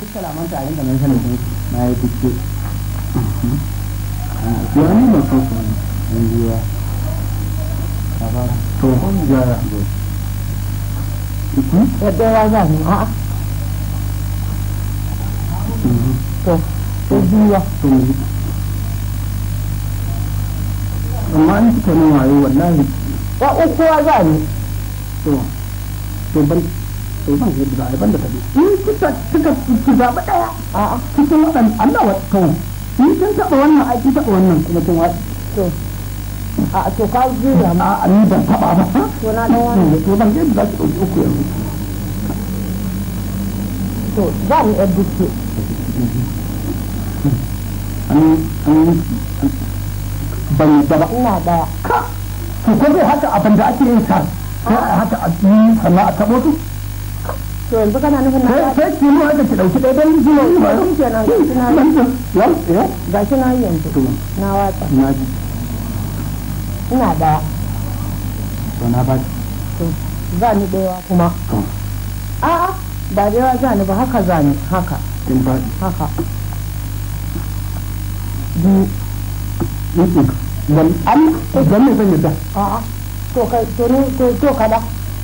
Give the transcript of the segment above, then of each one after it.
duk kalaman ta da nan sanin na yi fiske ya ni ba so to kun yadda ya za a'a to to ne amma an nan wayo wallahi uku za to to to zan yadda za a yi banda ta biyu in kuka kuka ku zaɓi ɗaya a cikin waɗanda Allah wa kawai in kin taɓa wannan ai kin taɓa wannan kuma kin wa to a to ka zuwa ma a ni ban taɓa ba to na da wannan to ban yadda za su ɗauki uku yanzu to za mu yadda dukki. an an ban yadda ba ina ɗaya ka ko zai haka abin da ake yin sa haka a yi sana'a ta taɓo su to yanzu kana nufin na sai ki mu aka ki dauki dai dan ba shi kenan na na yanzu na watsa na ji ina to na ba to za ni kuma a a ba da yawa za ni ba haka za ni haka kin ba haka yake dan an dan ne zan yi da a a to kai to to kada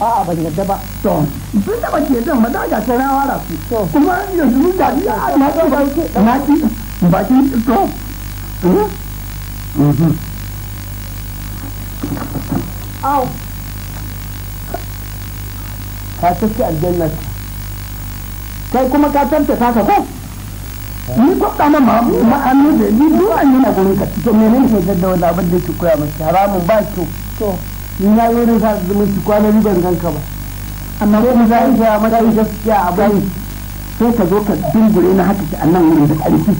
a'a ban yadda ba to sun taba ke zan ba za ga ce na wara su kuma yanzu mun da ya a na ba na ki ba ki to hmm? mhm. au ka tafi aljanna kai kuma ka ka ka ko ni ko kana ma ma ma'anu da ni duwan na gurin ka to menene ne da daddawa abin da ke koya masa haramun ba ki to ni na zo ne sa zumunci kwanani ban ganka ba amma kuma za a yi ya mata yi gaskiya a bayi sai ka zo ka dingure na haka ki annan wurin da ƙarfi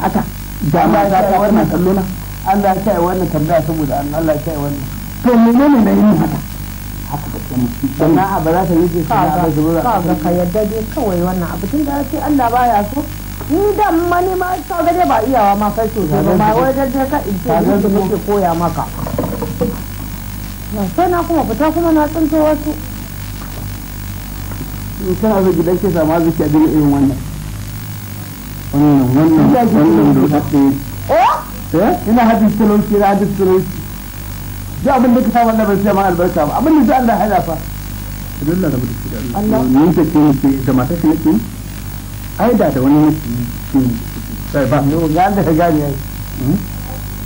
haka dama za ta wannan kallo na Allah ya kai wannan tambaya saboda Allah ya kai wannan to menene na yin haka haka ba ke mutu na a ba za ta yi ke sana'a ba zuwa ka ga ka yadda dai kawai wannan abu tun da sai Allah baya so ni da ma ne ma ka ga ba iyawa ma kai sosai ba wai da ka in ce ni da nake koya maka sai na kuma fita kuma na tsinto kana gidan a irin wannan wannan wannan wannan da haɗe oh! eh ina hadin na hadin abin da ka wannan bai sai ma albarka ba abin da zai fa idan rabu da shi da Allah ni ta ce da ai da da wani sai ba ne ga da hmm?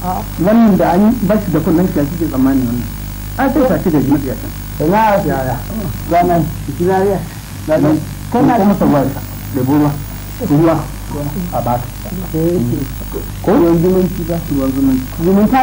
ah. wannan da an bashi da kullun shi ake tsammani wannan a sai ka da jiya kan ina ya ya ba nan na ya da nan kana da musawar da ruwa a ba eh. ko yanzu mun ba ruwan zumunci